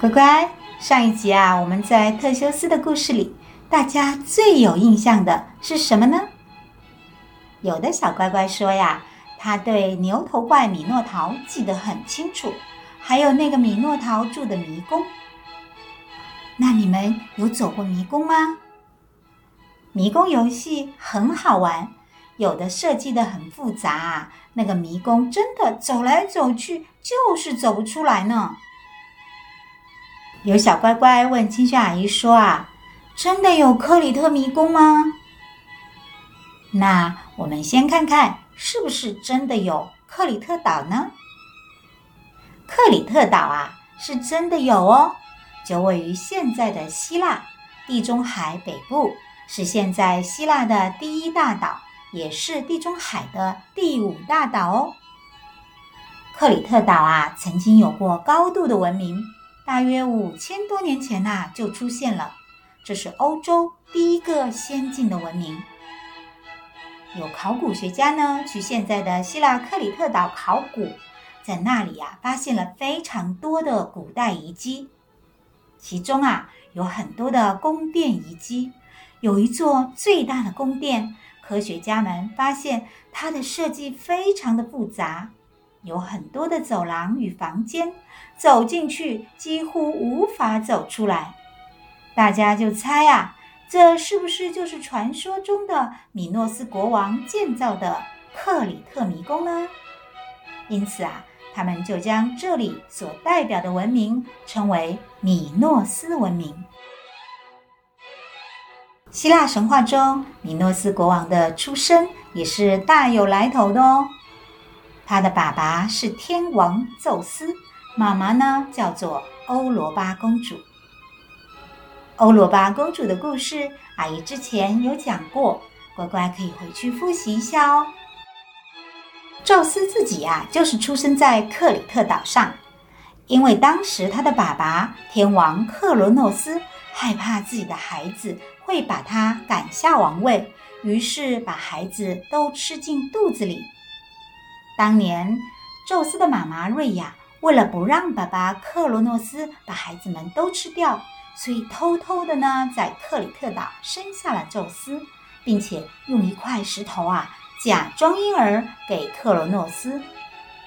乖乖，上一集啊，我們在特修斯的故事裡，大家最有印象的是什麼呢？有的小乖乖說呀，他對牛頭怪米諾陶記得很清楚，還有那個米諾陶住的迷宮。那你們有走過迷宮嗎？迷宮遊戲很好玩，有的設計得很複雜，那個迷宮真的走來走去就是走不出來呢。有小乖乖問青萱阿姨說：“啊，真的有克里特迷宮嗎？”那我們先看看是不是真的有克里特島呢？克里特島啊，是真的有哦，就位於現在的希臘地中海北部，是現在希臘的第一大島，也是地中海的第五大島哦。克里特島啊，曾經有過高度的文明。大約五千多年前吶、啊，就出現了。這是歐洲第一個先進的文明。有考古學家呢，去現在的希臘克里特島考古，在那裡呀、啊，發現了非常多的古代遺跡，其中啊，有很多的宮殿遺跡。有一座最大的宮殿，科學家們發現它的設計非常的複雜。有很多的走廊與房間，走進去幾乎無法走出來。大家就猜啊，這是不是就是傳說中的米諾斯國王建造的克里特迷宮呢？因此啊，他們就將這裡所代表的文明稱為米諾斯文明。希臘神話中，米諾斯國王的出身也是大有來頭的哦。他的爸爸是天王宙斯，媽媽呢，叫做歐羅巴公主。歐羅巴公主的故事，阿姨之前有講過，乖乖可以回去複習一下哦。宙斯自己呀、啊，就是出生在克里特島上，因為當時他的爸爸，天王克羅諾斯，害怕自己的孩子會把他趕下王位，於是把孩子都吃進肚子裡。當年，宙斯的媽媽瑞亞、啊、為了不讓爸爸克羅諾斯把孩子們都吃掉，所以偷偷的呢在克里特島生下了宙斯，並且用一塊石頭啊假裝嬰兒給克羅諾斯，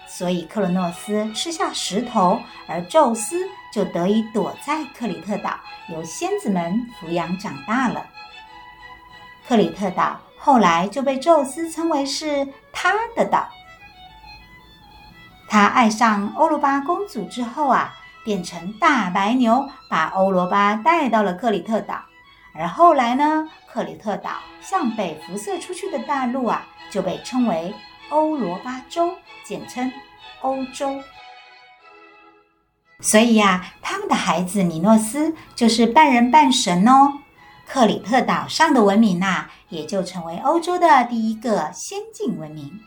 所以克羅諾斯吃下石頭，而宙斯就得以躲在克里特島，由仙子們撫養長大了。克里特島後來就被宙斯稱為是他的島。他愛上歐羅巴公主之後啊，變成大白牛，把歐羅巴帶到了克里特島。而後來呢，克里特島向北輻射出去的大陸啊，就被稱為歐羅巴洲，簡稱歐洲。所以呀、啊，他們的孩子米諾斯就是半人半神哦。克里特島上的文明啊，也就成為歐洲的第一個先進文明。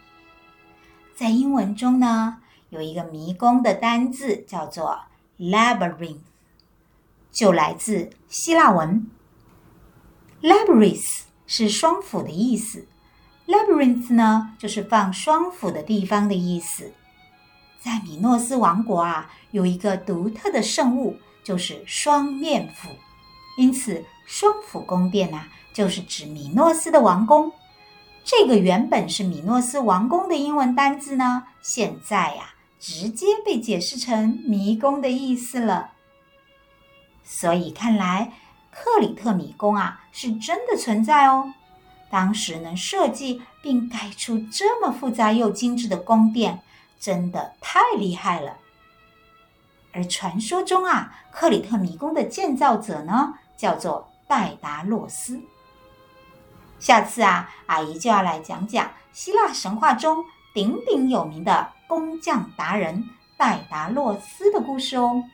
在英文中呢，有一個迷宮的單字叫做 labyrinth，就來自希臘文。Labyrinth 是雙斧的意思，labyrinth 呢就是放雙斧的地方的意思。在米諾斯王國啊，有一個獨特的聖物，就是雙面斧，因此雙斧宮殿呢、啊，就是指米諾斯的王宮。這個原本是米諾斯王宮的英文單字呢，現在呀、啊。直接被解釋成迷宮的意思了，所以看來克里特迷宮啊是真的存在哦。當時能設計並蓋出這麼複雜又精緻的宮殿，真的太厲害了。而傳說中啊，克里特迷宮的建造者呢，叫做戴達洛斯。下次啊，阿姨就要來講講希臘神話中。鼎鼎有名的工匠達人戴達洛斯的故事哦。